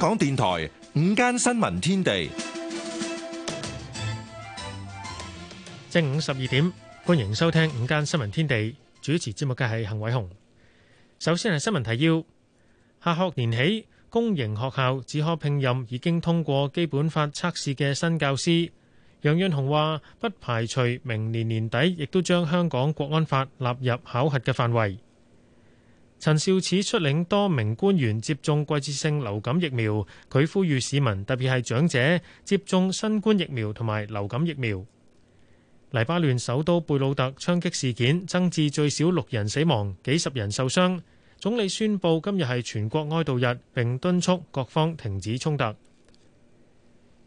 香港電台午間新聞天地，正午十二點，歡迎收聽午間新聞天地。主持節目嘅係幸偉雄。首先係新聞提要：下學年起，公營學校只可聘任已經通過基本法測試嘅新教師。楊潤雄話，不排除明年年底亦都將香港國安法納入考核嘅範圍。陳肇始率領多名官員接種季節性流感疫苗，佢呼籲市民特別係長者接種新冠疫苗同埋流感疫苗。黎巴嫩首都貝魯特槍擊事件增至最少六人死亡，幾十人受傷，總理宣布今日係全國哀悼日，並敦促各方停止衝突。詳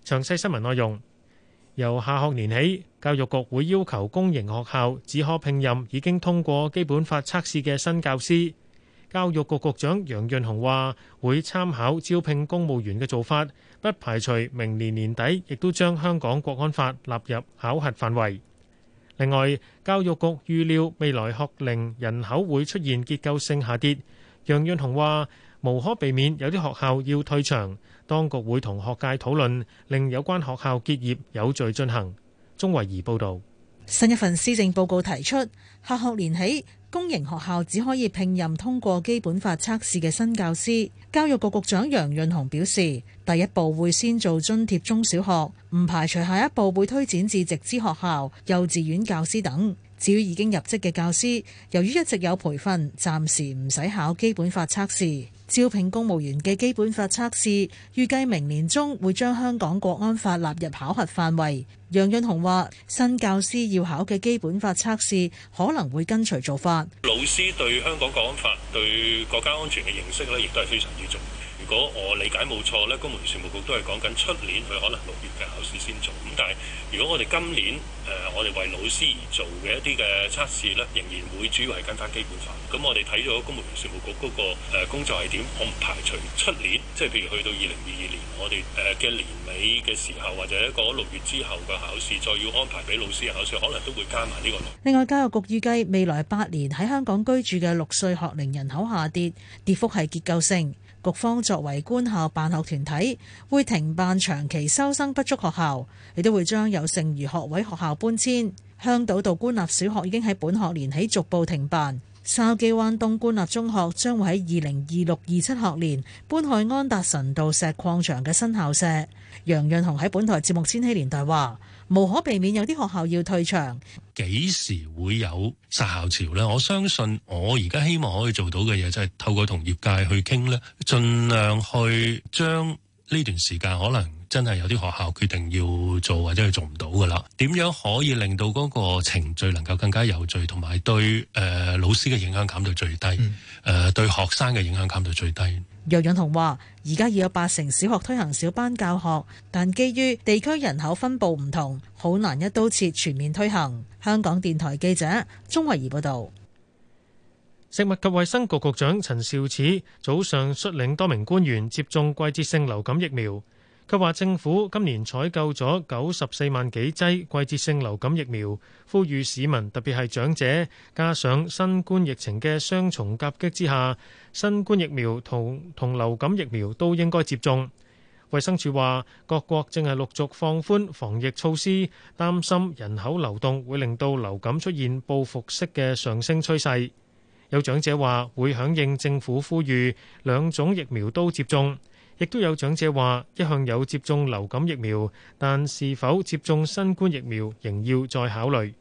細新聞內容。由下學年起，教育局會要求公營學校只可聘任已經通過基本法測試嘅新教師。教育局局長楊潤雄話：會參考招聘公務員嘅做法，不排除明年年底亦都將香港國安法納入考核範圍。另外，教育局預料未來學齡人口會出現結構性下跌。楊潤雄話：無可避免有啲學校要退場，當局會同學界討論，令有關學校結業有序進行。鍾維儀報道。新一份施政報告提出，下學學年起，公營學校只可以聘任通過基本法測試嘅新教師。教育局局長楊潤雄表示，第一步會先做津貼中小學，唔排除下一步會推展至直資學校、幼稚園教師等。至於已經入職嘅教師，由於一直有培訓，暫時唔使考基本法測試。招聘公務員嘅基本法測試，預計明年中會將香港國安法納入考核範圍。楊潤雄話：新教師要考嘅基本法測試，可能會跟隨做法。老師對香港國安法、對國家安全嘅認識咧，亦都係非常之重。如果我理解冇錯咧，公務員事務局都係講緊出年佢可能六月嘅考試先做咁。但係如果我哋今年誒，我哋為老師而做嘅一啲嘅測試咧，仍然會主要係跟返基本法。咁我哋睇咗公務員事務局嗰個誒，工作係點，我唔排除出年即係譬如去到二零二二年，我哋誒嘅年尾嘅時候或者一個六月之後嘅考試，再要安排俾老師嘅考試，可能都會加埋呢個。另外，教育局預計未來八年喺香港居住嘅六歲學齡人口下跌，跌幅係結構性。局方作為官校辦學團體，會停辦長期收生不足學校，亦都會將有剩餘學位學校搬遷。香島道官立小學已經喺本學年起逐步停辦，筲箕灣東官立中學將會喺二零二六、二七學年搬去安達臣道石礦場嘅新校舍。楊潤雄喺本台節目《千禧年代》話。無可避免有啲學校要退場，幾時會有殺校潮呢？我相信我而家希望可以做到嘅嘢就係透過同業界去傾呢，盡量去將呢段時間可能。真係有啲學校決定要做，或者係做唔到噶啦。點樣可以令到嗰個程序能夠更加有序，同埋對誒、呃、老師嘅影響減到最低，誒、嗯呃、對學生嘅影響減到最低。楊潤雄話：而家已有八成小學推行小班教學，但基於地區人口分佈唔同，好難一刀切全面推行。香港電台記者鍾慧儀報道。食物及衛生局局，局長陳肇始，始早上率領多名官員接種季節性流感疫苗。佢話：政府今年採購咗九十四萬幾劑季節性流感疫苗，呼籲市民，特別係長者，加上新冠疫情嘅雙重夾擊之下，新冠疫苗同同流感疫苗都應該接種。衛生署話：各國正係陸續放寬防疫措施，擔心人口流動會令到流感出現報復式嘅上升趨勢。有長者話：會響應政府呼籲，兩種疫苗都接種。亦都有長者話，一向有接種流感疫苗，但是否接種新冠疫苗仍要再考慮。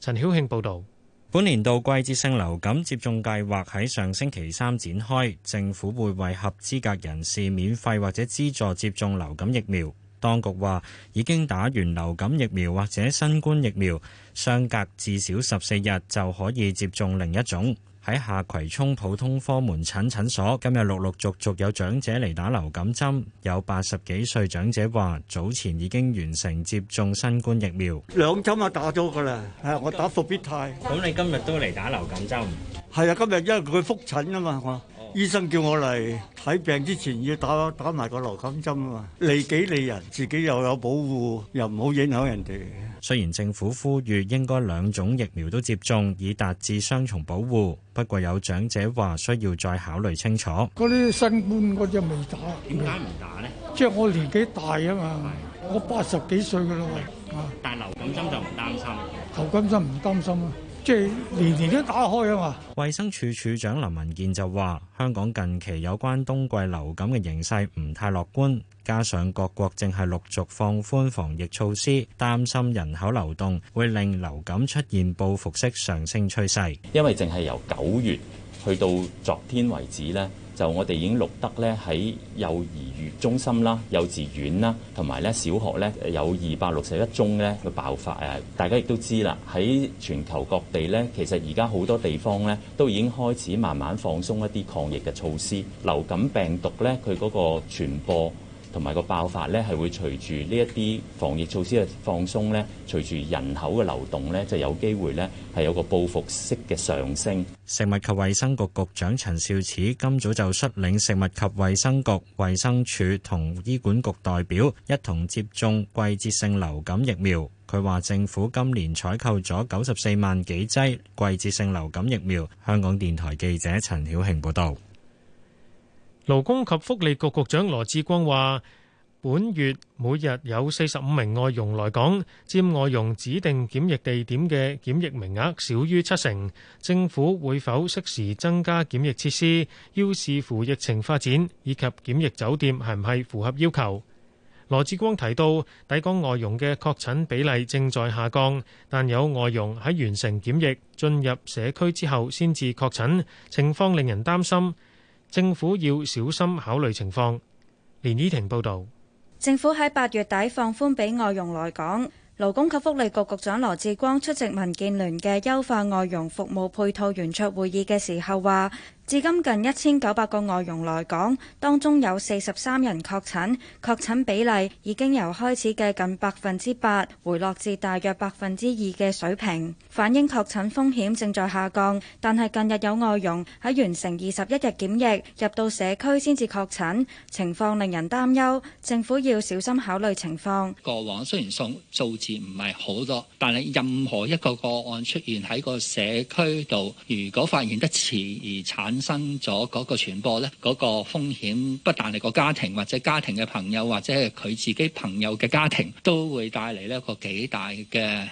陳曉慶報導，本年度季節性流感接種計劃喺上星期三展開，政府會為合資格人士免費或者資助接種流感疫苗。當局話，已經打完流感疫苗或者新冠疫苗，相隔至少十四日就可以接種另一種。喺下葵涌普通科門診診所，今日陸陸續續有長者嚟打流感針。有八十幾歲長者話，早前已經完成接種新冠疫苗，兩針啊打咗噶啦。係我打復必泰，咁你今日都嚟打流感針？係啊，今日因為佢覆診啊嘛。醫生叫我嚟睇病之前要打打埋個流感針啊嘛，利己利人，自己又有保護，又唔好影響人哋。雖然政府呼籲應該兩種疫苗都接種，以達致雙重保護，不過有長者話需要再考慮清楚。嗰啲新冠嗰隻未打，點解唔打呢？即係我年紀大啊嘛，我八十幾歲㗎喇，喂，但流感針就唔擔心，流感針唔擔心啊。即係年年都打開啊嘛！衛生署署長林文健就話：香港近期有關冬季流感嘅形勢唔太樂觀，加上各國正係陸續放寬防疫措施，擔心人口流動會令流感出現報復式上升趨勢。因為淨係由九月去到昨天為止呢。就我哋已經錄得咧，喺幼兒園中心啦、幼稚園啦，同埋咧小學咧，有二百六十一宗咧嘅爆發。誒，大家亦都知啦，喺全球各地咧，其實而家好多地方咧，都已經開始慢慢放鬆一啲抗疫嘅措施。流感病毒咧，佢嗰個傳播。同埋個爆發呢，係會隨住呢一啲防疫措施嘅放鬆呢，隨住人口嘅流動呢，就有機會呢，係有個報復式嘅上升。食物及衛生局局長陳肇始今早就率領食物及衛生局、衞生署同醫管局代表一同接種季節性流感疫苗。佢話：政府今年採購咗九十四萬幾劑季節性流感疫苗。香港電台記者陳曉慶報道。勞工及福利局局長羅志光話：本月每日有四十五名外傭來港，佔外傭指定檢疫地點嘅檢疫名額少於七成。政府會否適時增加檢疫設施，要視乎疫情發展以及檢疫酒店係唔係符合要求。羅志光提到，抵港外傭嘅確診比例正在下降，但有外傭喺完成檢疫進入社區之後先至確診，情況令人擔心。政府要小心考慮情況。連依婷報道。政府喺八月底放寬俾外佣來港，勞工及福利局局長羅致光出席民建聯嘅優化外傭服務配套圓桌會議嘅時候話。至今近一千九百個外傭來港，當中有四十三人確診，確診比例已經由開始嘅近百分之八回落至大約百分之二嘅水平，反映確診風險正在下降。但係近日有外傭喺完成二十一日檢疫入到社區先至確診，情況令人擔憂。政府要小心考慮情況。過往雖然數字唔係好多，但係任何一個個案出現喺個社區度，如果發現得遲而產生咗嗰個傳播咧，嗰個風險不但係個家庭，或者家庭嘅朋友，或者係佢自己朋友嘅家庭，都會帶嚟呢一個幾大嘅誒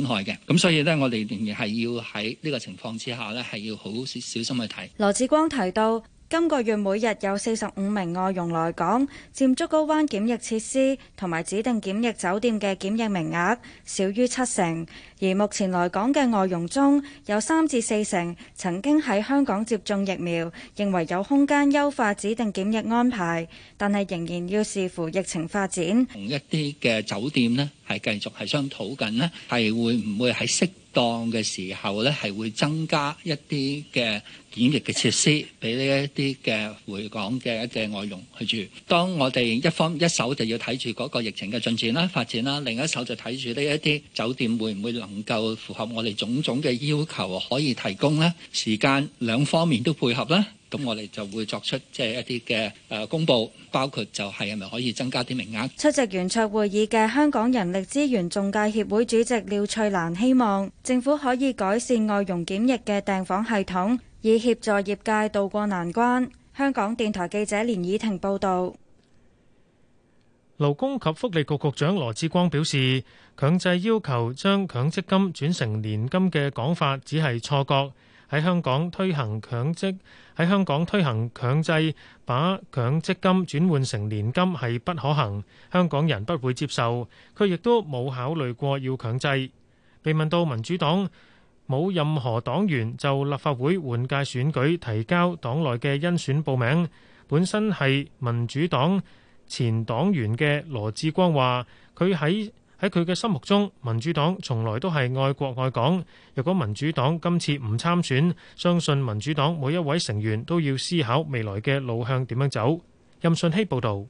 損害嘅。咁所以咧，我哋仍然係要喺呢個情況之下咧，係要好小小心去睇。羅志光提到。今個月每日有四十五名外傭來港，佔竹篙灣檢疫設施同埋指定檢疫酒店嘅檢疫名額少於七成。而目前來港嘅外傭中有三至四成曾經喺香港接種疫苗，認為有空間優化指定檢疫安排，但係仍然要視乎疫情發展，同一啲嘅酒店呢，係繼續係商討緊，呢係會唔會喺適當嘅時候呢，係會增加一啲嘅檢疫嘅設施，俾呢一啲嘅回港嘅一嘅外傭去住。當我哋一方一手就要睇住嗰個疫情嘅進展啦、發展啦，另一手就睇住呢一啲酒店會唔會能夠符合我哋種種嘅要求，可以提供呢，時間兩方面都配合啦。咁我哋就會作出即係一啲嘅誒公布，包括就係係咪可以增加啲名額？出席圓桌會議嘅香港人力資源仲介協會主席廖翠蘭，希望政府可以改善外傭檢疫嘅訂房系統，以協助業界渡過難關。香港電台記者連倚婷報道。勞工及福利局局長羅致光表示，強制要求將強積金轉成年金嘅講法只係錯覺。喺香港推行強積喺香港推行強制，把強積金轉換成年金係不可行，香港人不會接受。佢亦都冇考慮過要強制。被問到民主黨冇任何黨員就立法會換屆選舉提交黨內嘅甄選報名，本身係民主黨前黨員嘅羅志光話：佢喺。喺佢嘅心目中，民主黨從來都係愛國愛港。若果民主黨今次唔參選，相信民主黨每一位成員都要思考未來嘅路向點樣走。任信希報道，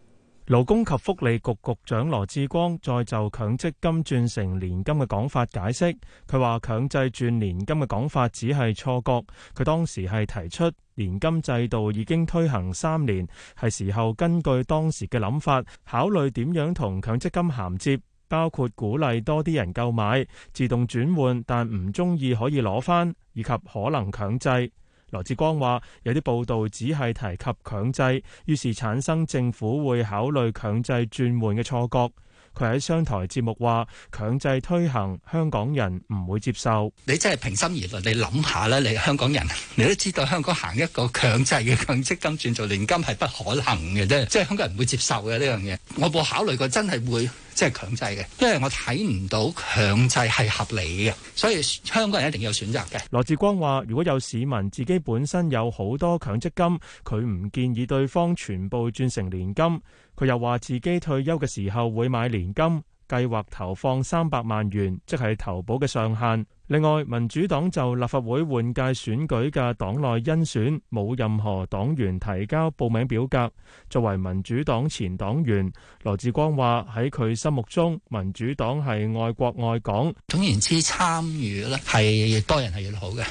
勞工及福利局局長羅志光再就強積金轉成年金嘅講法解釋，佢話強制轉年金嘅講法只係錯覺，佢當時，係提出年金制度已經推行三年，係時候根據當時嘅諗法考慮點樣同強積金銜接。包括鼓勵多啲人購買自動轉換，但唔中意可以攞翻，以及可能強制。羅致光話：有啲報道只係提及強制，於是產生政府會考慮強制轉換嘅錯覺。佢喺商台節目話：強制推行，香港人唔會接受。你真係平心而論，你諗下啦，你香港人，你都知道香港行一個強制嘅強積金轉做年金係不可能嘅啫，即係香港人唔會接受嘅呢樣嘢。我冇考慮過真係會。即係強制嘅，因為我睇唔到強制係合理嘅，所以香港人一定有選擇嘅。羅志光話：如果有市民自己本身有好多強積金，佢唔建議對方全部轉成年金。佢又話自己退休嘅時候會買年金。計劃投放三百萬元，即係投保嘅上限。另外，民主黨就立法會換屆選舉嘅黨內甄選，冇任何黨員提交報名表格。作為民主黨前黨員，羅志光話喺佢心目中，民主黨係愛國愛港。總言之，參與咧係越多人係越好嘅。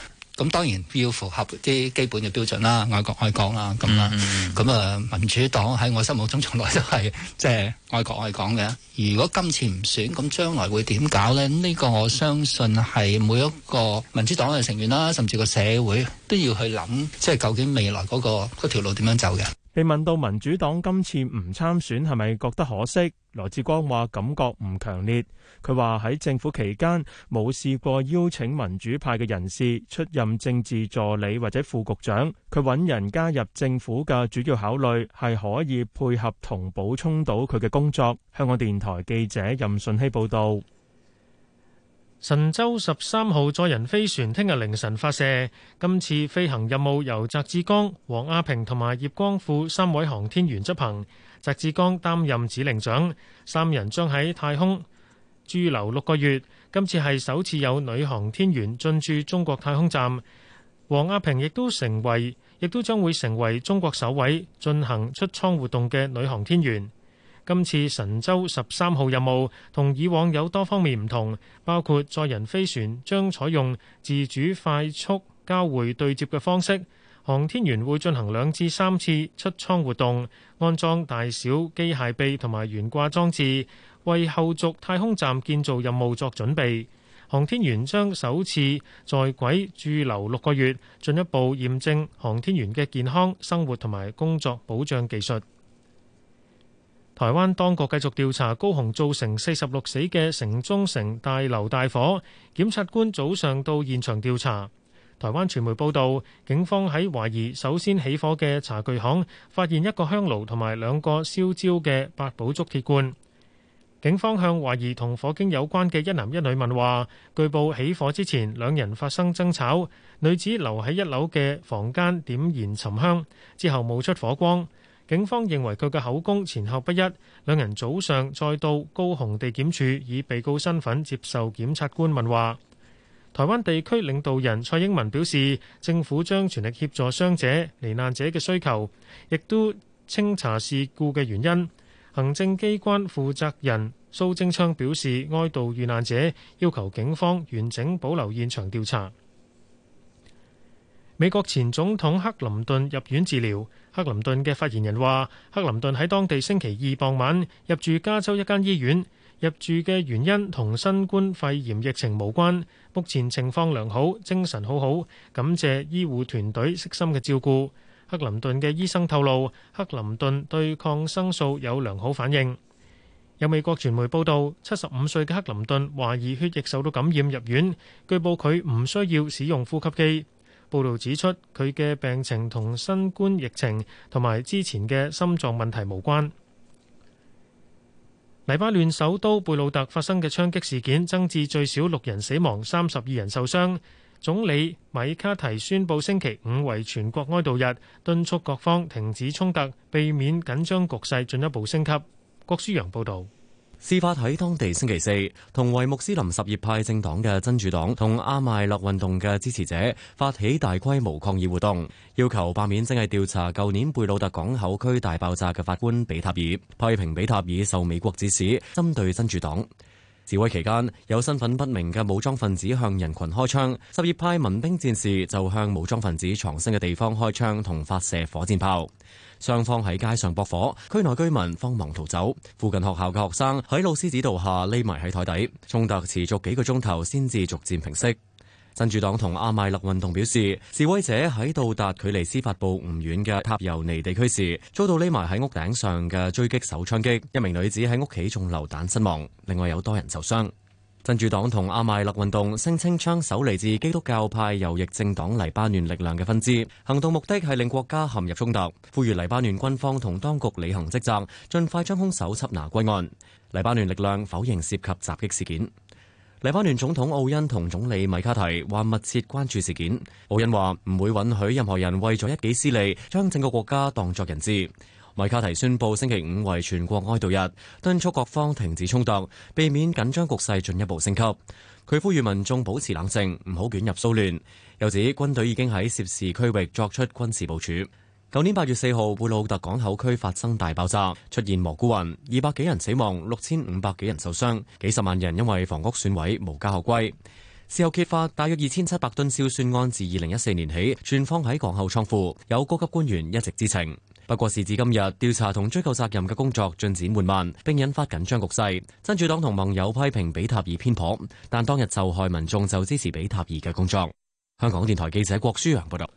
咁當然要符合啲基本嘅標準啦，愛國愛港啦，咁啦、mm，咁、hmm。啊，民主黨喺我心目中從來都係即係愛國愛港嘅。如果今次唔選，咁將來會點搞咧？呢、呢個我相信係每一個民主黨嘅成員啦，甚至個社會都要去諗，即係究竟未來嗰、嗰個條路點樣走嘅。被問到民主黨今次唔參選係咪覺得可惜，羅志光話感覺唔強烈。佢話喺政府期間冇試過邀請民主派嘅人士出任政治助理或者副局長。佢揾人加入政府嘅主要考慮係可以配合同補充到佢嘅工作。香港電台記者任順希報導。神舟十三號載人飛船聽日凌晨發射，今次飛行任務由翟志剛、王亞平同埋葉光富三位航天員執行，翟志剛擔任指令長，三人將喺太空駐留六個月。今次係首次有女航天員進駐中國太空站，王亞平亦都成為，亦都將會成為中國首位進行出艙活動嘅女航天員。今次神舟十三號任務同以往有多方面唔同，包括載人飛船將採用自主快速交會對接嘅方式，航天員會進行兩至三次出艙活動，安裝大小機械臂同埋懸掛裝置，為後續太空站建造任務作準備。航天員將首次在軌駐留六個月，進一步驗證航天員嘅健康、生活同埋工作保障技術。台灣當局繼續調查高雄造成四十六死嘅城中城大樓大火，檢察官早上到現場調查。台灣傳媒報道，警方喺懷疑首先起火嘅茶具行，發現一個香爐同埋兩個燒焦嘅八寶粥鐵罐。警方向懷疑同火警有關嘅一男一女問話，據報起火之前兩人發生爭吵，女子留喺一樓嘅房間點燃沉香，之後冒出火光。警方認為佢嘅口供前後不一，兩人早上再到高雄地檢署，以被告身份接受檢察官問話。台灣地區領導人蔡英文表示，政府將全力協助傷者、罹難者嘅需求，亦都清查事故嘅原因。行政機關負責人蘇貞昌表示哀悼遇難者，要求警方完整保留現場調查。美國前總統克林頓入院治療。克林頓嘅發言人話，克林頓喺當地星期二傍晚入住加州一間醫院，入住嘅原因同新冠肺炎疫情無關。目前情況良好，精神好好，感謝醫護團隊悉心嘅照顧。克林頓嘅醫生透露，克林頓對抗生素有良好反應。有美國傳媒報道，七十五歲嘅克林頓懷疑血液受到感染入院，據報佢唔需要使用呼吸機。報導指出，佢嘅病情同新冠疫情同埋之前嘅心臟問題無關。黎巴嫩首都貝魯特發生嘅槍擊事件增至最少六人死亡，三十二人受傷。總理米卡提宣布星期五為全國哀悼日，敦促各方停止衝突，避免緊張局勢進一步升級。郭舒陽報導。事發喺當地星期四，同為穆斯林什葉派政黨嘅真主黨同阿邁勒運動嘅支持者發起大規模抗議活動，要求罷免正係調查舊年貝魯特港口區大爆炸嘅法官比塔爾，批評比塔爾受美國指使針對真主黨。示威期間，有身份不明嘅武裝分子向人群開槍，什葉派民兵戰士就向武裝分子藏身嘅地方開槍同發射火箭炮。雙方喺街上駁火，區內居民慌忙逃走。附近學校嘅學生喺老師指導下匿埋喺台底。衝突持續幾個鐘頭，先至逐漸平息。真主黨同阿邁勒運動表示，示威者喺到達距離司法部唔遠嘅塔尤尼地區時，遭到匿埋喺屋頂上嘅狙擊手槍擊，一名女子喺屋企中流彈身亡，另外有多人受傷。真主黨同阿邁勒運動聲稱槍手嚟自基督教派右翼政黨黎巴嫩力量嘅分支，行動目的係令國家陷入衝突。呼籲黎巴嫩軍方同當局履行職責，盡快將凶手緝拿歸案。黎巴嫩力量否認涉及襲擊事件。黎巴嫩總統奧恩同總理米卡提話密切關注事件。奧恩話唔會允許任何人為咗一己私利將整個國家當作人質。米卡提宣布星期五為全國哀悼日，敦促各方停止衝突，避免緊張局勢進一步升級。佢呼籲民眾保持冷靜，唔好捲入騷亂。又指軍隊已經喺涉事區域作出軍事部署。舊年八月四號，貝魯特港口區發生大爆炸，出現蘑菇雲，二百幾人死亡，六千五百幾人受傷，幾十萬人因為房屋損毀無家可歸。事後揭發，大約二千七百噸硝酸胺自二零一四年起轉放喺港口倉庫，有高級官員一直知情。不過，時至今日，調查同追究責任嘅工作進展緩慢，並引發緊張局勢。真主黨同盟友批評比塔爾偏頗，但當日受害民眾就支持比塔爾嘅工作。香港電台記者郭舒洋報道。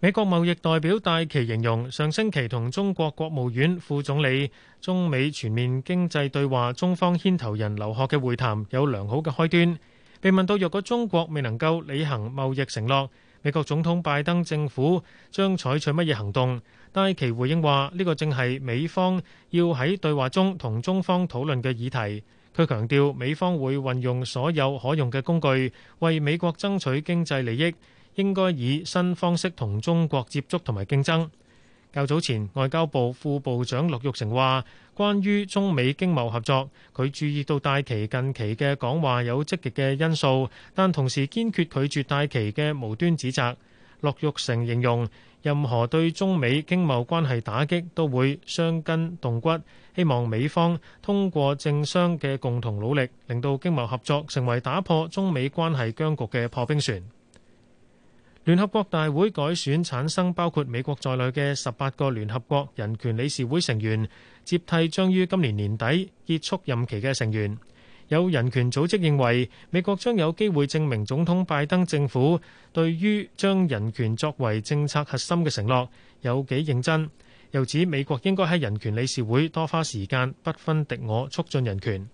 美國貿易代表戴琪形容，上星期同中國國務院副總理中美全面經濟對話中方牽頭人劉鶴嘅會談有良好嘅開端。被問到若果中國未能夠履行貿易承諾，美國總統拜登政府將採取乜嘢行動？戴琪回應話：呢個正係美方要喺對話中同中方討論嘅議題。佢強調，美方會運用所有可用嘅工具，為美國爭取經濟利益，應該以新方式同中國接觸同埋競爭。較早前，外交部副部長陸玉成話：關於中美經貿合作，佢注意到戴琪近期嘅講話有積極嘅因素，但同時堅決拒絕戴琪嘅無端指責。駱玉成形容任何對中美經貿關係打擊，都會傷筋動骨，希望美方通過政商嘅共同努力，令到經貿合作成為打破中美關係僵局嘅破冰船。聯合國大會改選產生，包括美國在內嘅十八個聯合國人權理事會成員，接替將於今年年底結束任期嘅成員。有人權組織認為美國將有機會證明總統拜登政府對於將人權作為政策核心嘅承諾有幾認真，又指美國應該喺人權理事會多花時間，不分敵我，促進人權。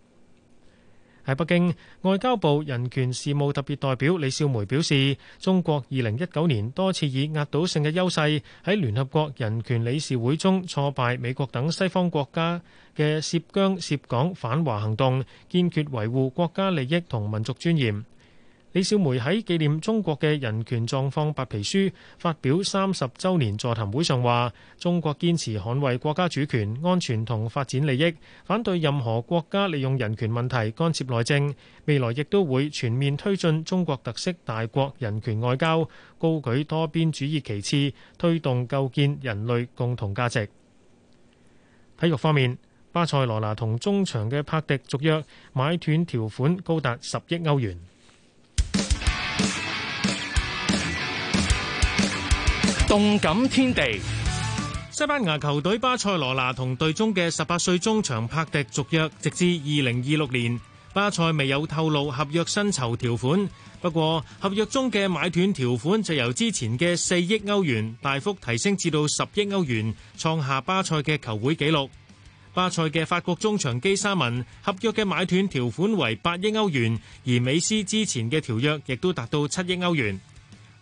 喺北京，外交部人權事務特別代表李少梅表示，中國二零一九年多次以壓倒性嘅優勢喺聯合國人權理事會中挫敗美國等西方國家嘅涉疆涉港反華行動，堅決維護國家利益同民族尊嚴。李小梅喺紀念中國嘅人權狀況白皮書發表三十周年座談會上話，中國堅持捍衛國家主權、安全同發展利益，反對任何國家利用人權問題干涉內政。未來亦都會全面推進中國特色大國人權外交，高舉多邊主義旗幟，推動構建人類共同價值。體育方面，巴塞羅那同中場嘅帕迪續約買斷條款高達十億歐元。動感天地，西班牙球隊巴塞羅那同隊中嘅十八歲中場柏迪續約，直至二零二六年。巴塞未有透露合約薪酬條款，不過合約中嘅買斷條款就由之前嘅四億歐元大幅提升至到十億歐元，創下巴塞嘅球會紀錄。巴塞嘅法國中場基沙文合約嘅買斷條款為八億歐元，而美斯之前嘅條約亦都達到七億歐元。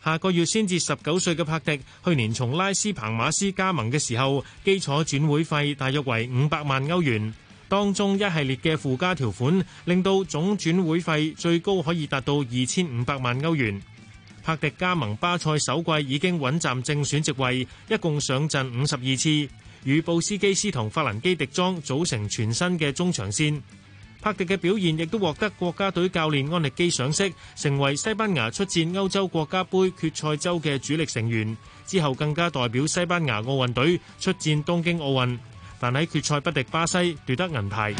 下個月先至十九歲嘅帕迪，去年從拉斯彭馬斯加盟嘅時候，基礎轉會費大約為五百萬歐元。當中一系列嘅附加條款，令到總轉會費最高可以達到二千五百萬歐元。帕迪加盟巴塞首季已經穩站正選席位，一共上陣五十二次，與布斯基斯同法蘭基迪莊組成全新嘅中場線。帕迪嘅表現亦都獲得國家隊教練安力基賞識，成為西班牙出戰歐洲國家杯決賽周嘅主力成員。之後更加代表西班牙奧運隊出戰東京奧運，但喺決賽不敵巴西，奪得銀牌。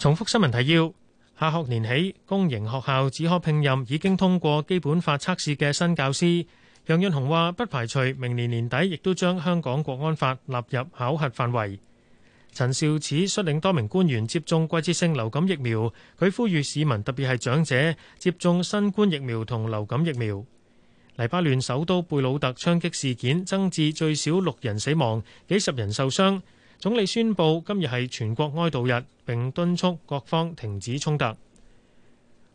重複新聞提要：下學年起，公營學校只可聘任已經通過基本法測試嘅新教師。楊潤雄話：不排除明年年，年底亦都將香港國安法納入考核範圍。陳肇始率領多名官員接種季節性流感疫苗，佢呼籲市民特別係長者接種新冠疫苗同流感疫苗。黎巴嫩首都貝魯特槍擊事件增至最少六人死亡，幾十人受傷。總理宣布今日係全國哀悼日，並敦促各方停止衝突。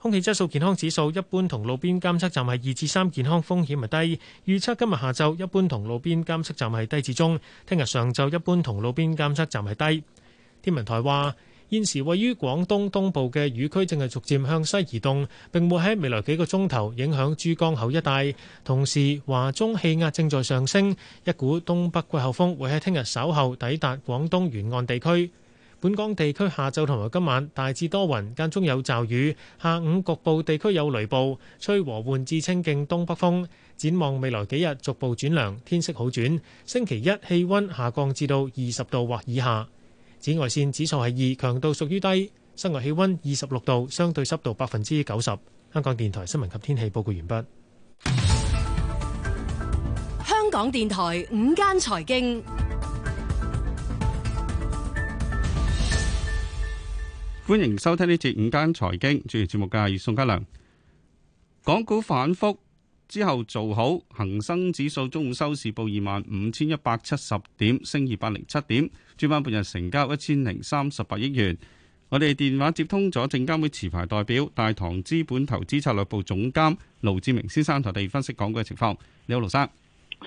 空氣質素健康指數一般同路邊監測站係二至三，健康風險係低。預測今日下晝一般同路邊監測站係低至中，聽日上晝一般同路邊監測站係低。天文台話，現時位於廣東東部嘅雨區正係逐漸向西移動，並會喺未來幾個鐘頭影響珠江口一帶。同時，華中氣壓正在上升，一股東北季候風會喺聽日稍後抵達廣東沿岸地區。本港地區下晝同埋今晚大致多雲，間中有驟雨。下午局部地區有雷暴，吹和緩至清勁東北風。展望未來幾日逐步轉涼，天色好轉。星期一氣溫下降至到二十度或以下。紫外線指數係二，強度屬於低。室外氣溫二十六度，相對濕度百分之九十。香港電台新聞及天氣報告完畢。香港電台午間財經。歡迎收聽呢節午間財經，主持節目嘅係宋嘉良。港股反復之後做好，恆生指數中午收市報二萬五千一百七十點，升二百零七點，主板半日成交一千零三十八億元。我哋電話接通咗證監會持牌代表大唐資本投資策略部總監盧志明先生，同我哋分析港股嘅情況。你好，盧生。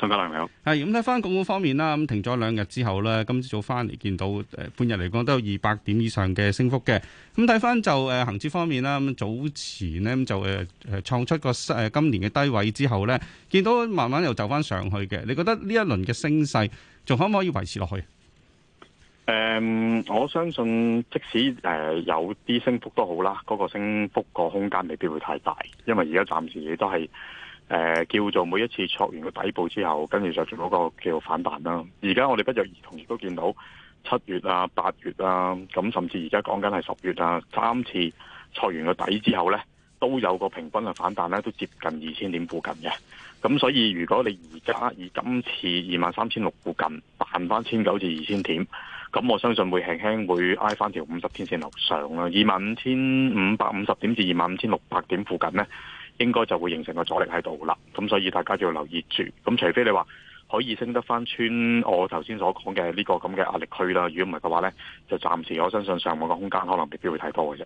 信德良，你好。係咁睇翻港股方面啦，咁停咗兩日之後咧，今朝早翻嚟見到誒、呃、半日嚟講都有二百點以上嘅升幅嘅。咁睇翻就誒恒指方面啦，咁早前咧就誒誒創出個誒今年嘅低位之後咧，見到慢慢又就翻上去嘅。你覺得呢一輪嘅升勢仲可唔可以維持落去？誒、嗯，我相信即使誒、呃、有啲升幅都好啦，嗰、那個升幅個空間未必會太大，因為而家暫時亦都係。誒、呃、叫做每一次挫完個底部之後，跟住就做嗰個叫做反彈啦、啊。而家我哋不約而同亦都見到七月啊、八月啊，咁甚至而家講緊係十月啊，三次挫完個底之後呢，都有個平均嘅反彈呢，都接近二千點附近嘅。咁所以如果你而家以今次二萬三千六附近彈翻千九至二千點，咁我相信會輕輕會挨翻條五十天線樓上啦、啊。二萬五千五百五十點至二萬五千六百點附近呢，應該就會形成個阻力喺度啦，咁所以大家就要留意住。咁除非你話可以升得返穿我頭先所講嘅呢個咁嘅壓力區啦，如果唔係嘅話呢，就暫時我相信上網嘅空間可能未必會太多嘅啫。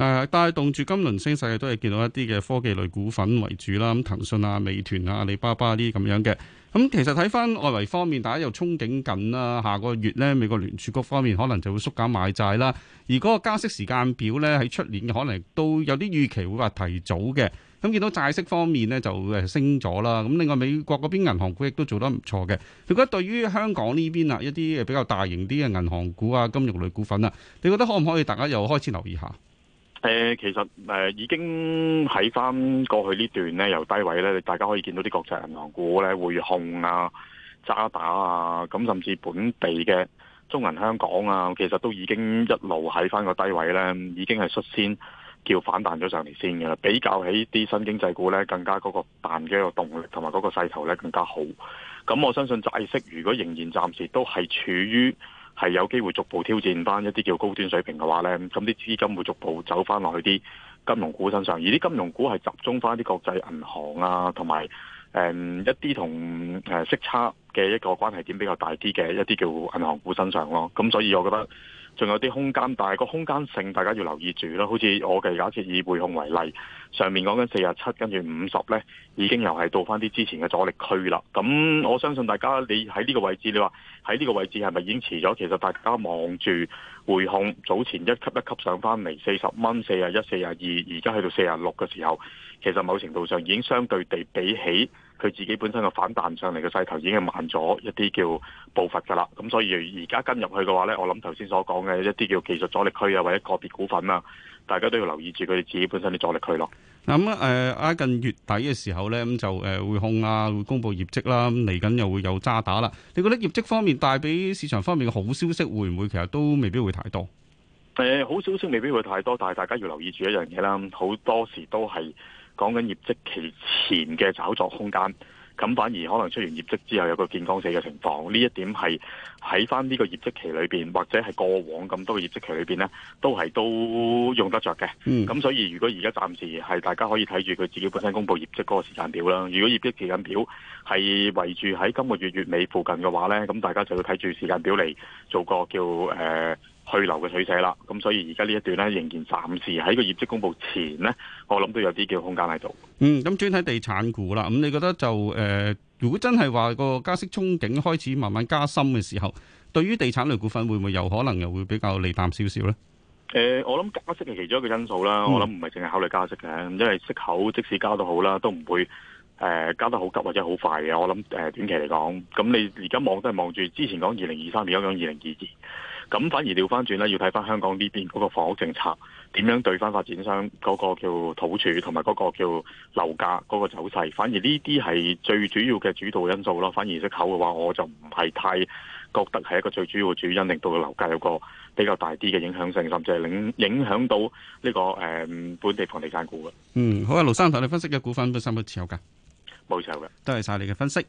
誒帶動住金輪升勢嘅，都係見到一啲嘅科技類股份為主啦，咁騰訊啊、美團啊、阿里巴巴啲咁樣嘅。咁其實睇返外圍方面，大家又憧憬緊啦。下個月呢，美國聯儲局方面可能就會縮減買債啦。而嗰個加息時間表呢，喺出年可能都有啲預期會話提早嘅。咁見到債息方面呢，就誒升咗啦。咁另外美國嗰邊銀行股亦都做得唔錯嘅。你覺得對於香港呢邊啊一啲比較大型啲嘅銀行股啊、金融類股份啊，你覺得可唔可以大家又開始留意下？誒、呃，其實誒、呃，已經喺翻過去段呢段咧，由低位咧，大家可以見到啲國際銀行股咧，匯控啊、渣打啊，咁甚至本地嘅中銀香港啊，其實都已經一路喺翻個低位咧，已經係率先叫反彈咗上嚟先嘅啦。比較起啲新經濟股咧，更加嗰個彈嘅一個動力同埋嗰個勢頭咧更加好。咁我相信債息如果仍然暫時都係處於。係有機會逐步挑戰翻一啲叫高端水平嘅話呢，咁啲資金會逐步走翻落去啲金融股身上，而啲金融股係集中翻啲國際銀行啊，同埋誒一啲同誒息差嘅一個關係點比較大啲嘅一啲叫銀行股身上咯。咁所以我覺得。仲有啲空間，但係個空間性大家要留意住咯。好似我嘅假設以匯控為例，上面講緊四十七，跟住五十呢已經又係到翻啲之前嘅阻力區啦。咁我相信大家你喺呢個位置，你話喺呢個位置係咪已經遲咗？其實大家望住匯控早前一級一級上翻嚟四十蚊、四十一、四十二，而家去到四十六嘅時候，其實某程度上已經相對地比起。佢自己本身嘅反彈上嚟嘅勢頭已經係慢咗一啲叫步伐噶啦，咁所以而家跟入去嘅話呢，我諗頭先所講嘅一啲叫技術阻力區啊，或者個別股份啊，大家都要留意住佢哋自己本身嘅阻力區咯。咁誒喺近月底嘅時候呢，咁就誒會控滙控啊，會公布業績啦，嚟緊又會有渣打啦。你覺得業績方面帶俾市場方面嘅好消息會唔會其實都未必會太多？誒、呃，好消息未必會太多，但係大家要留意住一樣嘢啦，好多時都係。講緊業績期前嘅炒作空間，咁反而可能出完業績之後有個見光死嘅情況，呢一點係喺返呢個業績期裏邊，或者係過往咁多業績期裏邊呢，都係都用得着嘅。咁所以如果而家暫時係大家可以睇住佢自己本身公佈業績嗰個時間表啦。如果業績期間表係圍住喺今個月月尾附近嘅話呢，咁大家就要睇住時間表嚟做個叫誒。呃退流嘅取捨啦，咁所以而家呢一段咧仍然暫時喺個業績公布前咧，我諗都有啲叫空間喺度。嗯，咁轉睇地產股啦，咁你覺得就誒、呃，如果真係話個加息憧憬開始慢慢加深嘅時候，對於地產類股份會唔會有可能又會比較利淡少少咧？誒、呃，我諗加息係其中一個因素啦，嗯、我諗唔係淨係考慮加息嘅，因為息口即使加得好啦，都唔會誒加得好急或者好快嘅。我諗誒、呃、短期嚟講，咁你而家望都係望住之前講二零二三年一講二零二二。咁反而調翻轉咧，要睇翻香港呢邊嗰個房屋政策點樣對翻發展商嗰個叫土儲同埋嗰個叫樓價嗰個走勢。反而呢啲係最主要嘅主導因素咯。反而息口嘅話，我就唔係太覺得係一個最主要嘅主因，令到個樓價有個比較大啲嘅影響性，甚至係影影響到呢個誒本地房地產股嘅。嗯，好啊，盧生，同你分析嘅股份都三不持有噶，冇持有嘅，多謝晒你嘅分析。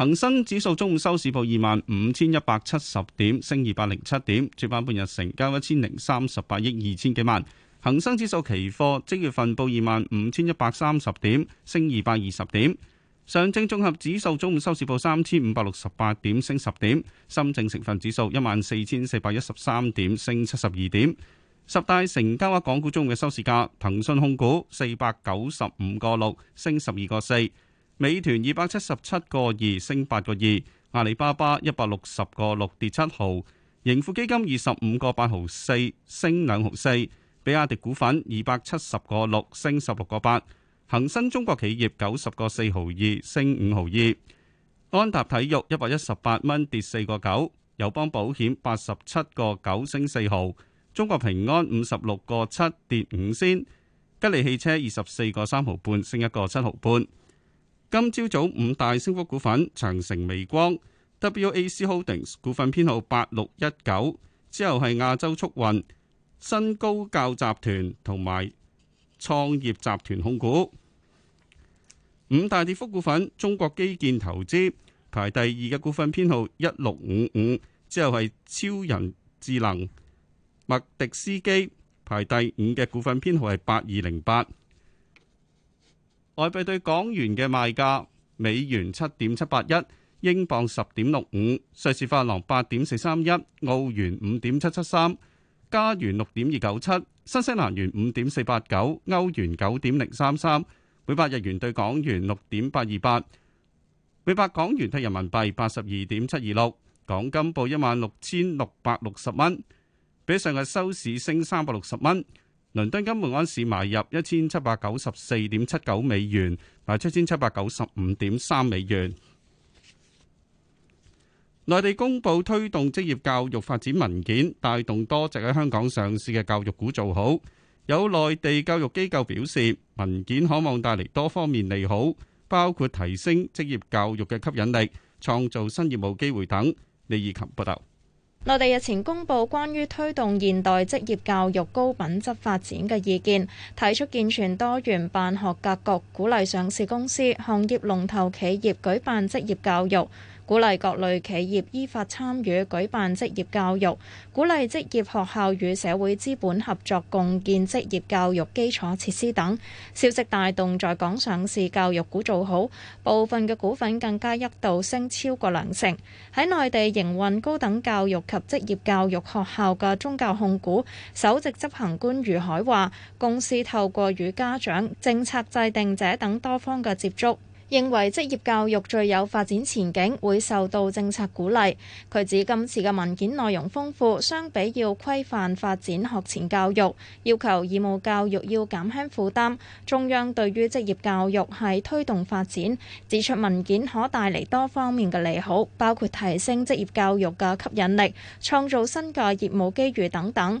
恒生指數中午收市報二萬五千一百七十點，升二百零七點，主板半日成交一千零三十八億二千幾萬。恒生指數期貨即月份報二萬五千一百三十點，升二百二十點。上證綜合指數中午收市報三千五百六十八點，升十點。深證成分指數一萬四千四百一十三點，升七十二點。十大成交額港股中午嘅收市價，騰訊控股四百九十五個六，升十二個四。美團二百七十七個二升八個二，阿里巴巴一百六十個六跌七毫，盈富基金二十五個八毫四升兩毫四，比亞迪股份二百七十個六升十六個八，恒生中國企業九十個四毫二升五毫二，安踏體育一百一十八蚊跌四個九，友邦保險八十七個九升四毫，中國平安五十六個七跌五仙，吉利汽車二十四個三毫半升一個七毫半。今朝早五大升幅股份：長城微光、WAC Holdings 股份編號八六一九，之後係亞洲速運、新高教集團同埋創業集團控股。五大跌幅股份：中國基建投資排第二嘅股份編號一六五五，之後係超人智能、麥迪斯基排第五嘅股份編號係八二零八。外幣對港元嘅賣價：美元七點七八一，英鎊十點六五，瑞士法郎八點四三一，澳元五點七七三，加元六點二九七，新西蘭元五點四八九，歐元九點零三三，每百日元對港元六點八二八，每百港元對人民幣八十二點七二六。港金報一萬六千六百六十蚊，比上日收市升三百六十蚊。倫敦金每盎司買入一千七百九十四點七九美元，賣出一千七百九十五點三美元。內地公布推動職業教育發展文件，帶動多隻喺香港上市嘅教育股做好。有內地教育機構表示，文件可望帶嚟多方面利好，包括提升職業教育嘅吸引力、創造新業務機會等。李以琴報道。內地日前公布關於推動現代職業教育高品質發展嘅意見，提出健全多元辦學格局，鼓勵上市公司、行業龍頭企業舉辦職業教育。鼓勵各類企業依法參與舉辦職業教育，鼓勵職業學校與社會資本合作共建職業教育基礎設施等。消息帶動在港上市教育股做好，部分嘅股份更加一度升超過兩成。喺內地營運高等教育及職業教育學校嘅中教控股首席執行官余海華，公司透過與家長、政策制定者等多方嘅接觸。認為職業教育最有發展前景，會受到政策鼓勵。佢指今次嘅文件內容豐富，相比要規範發展學前教育，要求義務教育要減輕負擔。中央對於職業教育係推動發展，指出文件可帶嚟多方面嘅利好，包括提升職業教育嘅吸引力、創造新嘅業務機遇等等。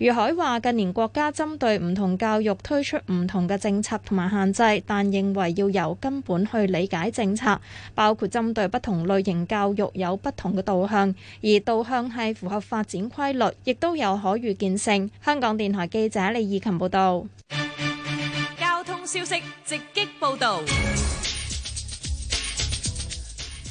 余海話：近年國家針對唔同教育推出唔同嘅政策同埋限制，但認為要由根本去理解政策，包括針對不同類型教育有不同嘅導向，而導向係符合發展規律，亦都有可預見性。香港電台記者李義琴報道。交通消息直擊報道。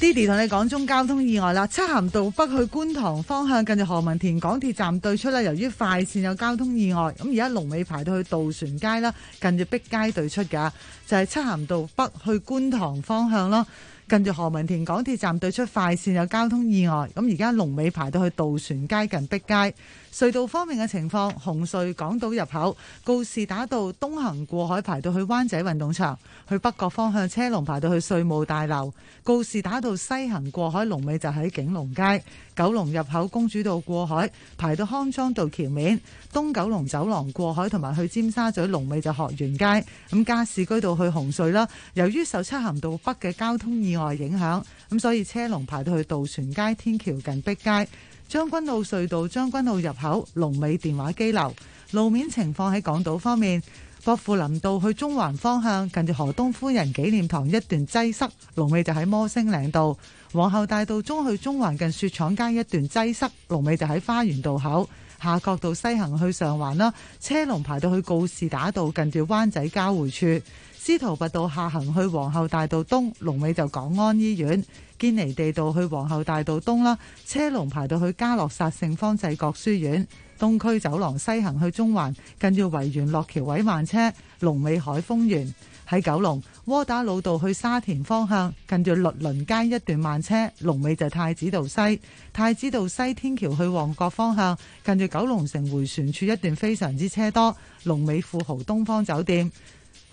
Didi 同你講中交通意外啦，漆咸道北去觀塘方向，近住何文田港鐵站對出啦，由於快線有交通意外，咁而家龍尾排到去渡船街啦，近住碧街對出噶，就係漆咸道北去觀塘方向咯。跟住何文田港鐵站對出快線有交通意外，咁而家龍尾排到去渡船街近碧街。隧道方面嘅情況，紅隧港島入口告士打道東行過海排到去灣仔運動場，去北角方向車龍排到去稅務大樓。告士打道西行過海龍尾就喺景隆街。九龍入口公主道過海排到康莊道橋面，東九龍走廊過海同埋去尖沙咀龍尾就鶴園街。咁加士居道去紅隧啦。由於受漆咸道北嘅交通意外，外影響咁，所以車龍排到去渡船街天橋近碧街、將軍澳隧道、將軍澳入口、龍尾電話機樓。路面情況，喺港島方面，薄扶林道去中環方向近住河東夫人紀念堂一段擠塞，龍尾就喺摩星嶺道；皇后大道中去中環近雪廠街一段擠塞，龍尾就喺花園道口。下角道西行去上環啦，車龍排到去告士打道近住灣仔交匯處。司徒拔道下行去皇后大道東，龍尾就港安醫院；堅尼地道去皇后大道東啦，車龍排到去嘉諾撒聖方濟各書院。東區走廊西行去中環，近住維園落橋位慢車，龍尾海峰園。喺九龍窩打老道去沙田方向，近住律倫街一段慢車，龍尾就太子道西。太子道西天橋去旺角方向，近住九龍城回旋處一段非常之車多，龍尾富豪東方酒店。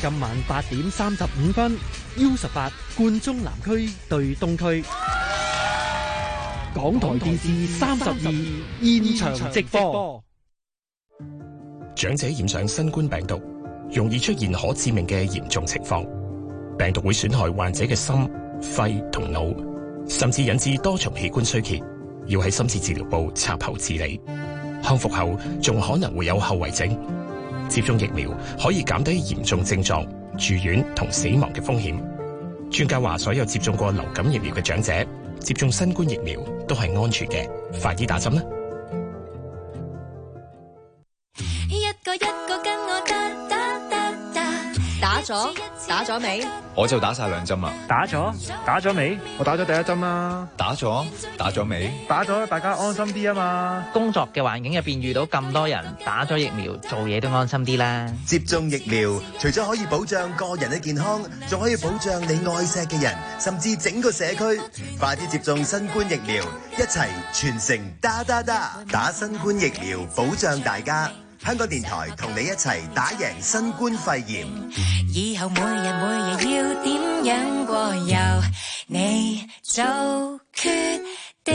今晚八點三十五分，U 十八冠忠南區對東區，港台電視三十二現場直播。長者染上新冠病毒，容易出現可致命嘅嚴重情況。病毒會損害患者嘅心、肺同腦，甚至引致多重器官衰竭，要喺深切治療部插喉治理。康復後仲可能會有後遺症。接種疫苗，可以減低嚴重症狀、住院同死亡嘅風險。專家話，所有接種過流感疫苗嘅長者，接種新冠疫苗都係安全嘅。快啲打針啦！一個一個跟我打打打打，打咗。打打打打咗未？我就打晒兩針啦。打咗，打咗未？我打咗第一針啦。打咗，打咗未？打咗，大家安心啲啊嘛！工作嘅環境入邊遇到咁多人打咗疫苗，做嘢都安心啲啦。接種疫苗，除咗可以保障個人嘅健康，仲可以保障你愛錫嘅人，甚至整個社區。快啲接種新冠疫苗，一齊全城打打打，打新冠疫苗，保障大家。香港電台同你一齊打贏新冠肺炎。以後每日每日要點樣過，由你做決定。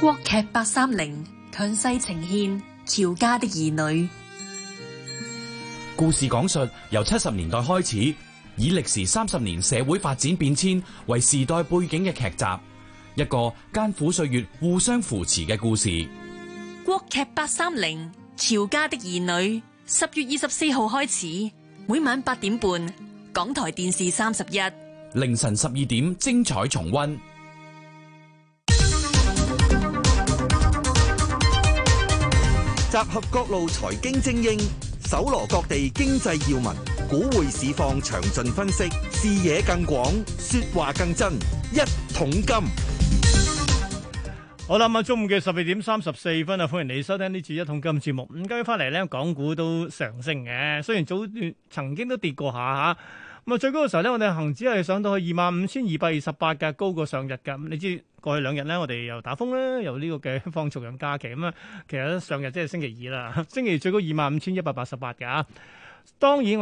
國劇八三零強勢呈現《喬家的兒女》，故事講述由七十年代開始，以歷時三十年社會發展變遷為時代背景嘅劇集。一個艱苦歲月互相扶持嘅故事。國劇八三零，喬家的兒女，十月二十四號開始，每晚八點半，港台電視三十一，凌晨十二點精彩重溫。集合各路財經精英，搜羅各地經濟要聞，股匯市況詳盡分析，視野更廣，說話更真，一桶金。好啦，咁啊，中午嘅十二點三十四分啊，歡迎你收聽呢次一桶金節目。而家翻嚟呢，港股都上升嘅，雖然早段曾經都跌過下吓。咁啊，最高嘅時候呢，我哋恒指係上到去二萬五千二百二十八嘅，高過上日嘅。你知過去兩日呢，我哋又打風啦，又呢個嘅放重陽假期。咁啊，其實上日即係星期二啦，星期二最高二萬五千一百八十八嘅。當然。